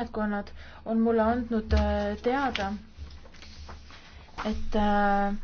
ametkonnad on mulle andnud äh, teada, et äh,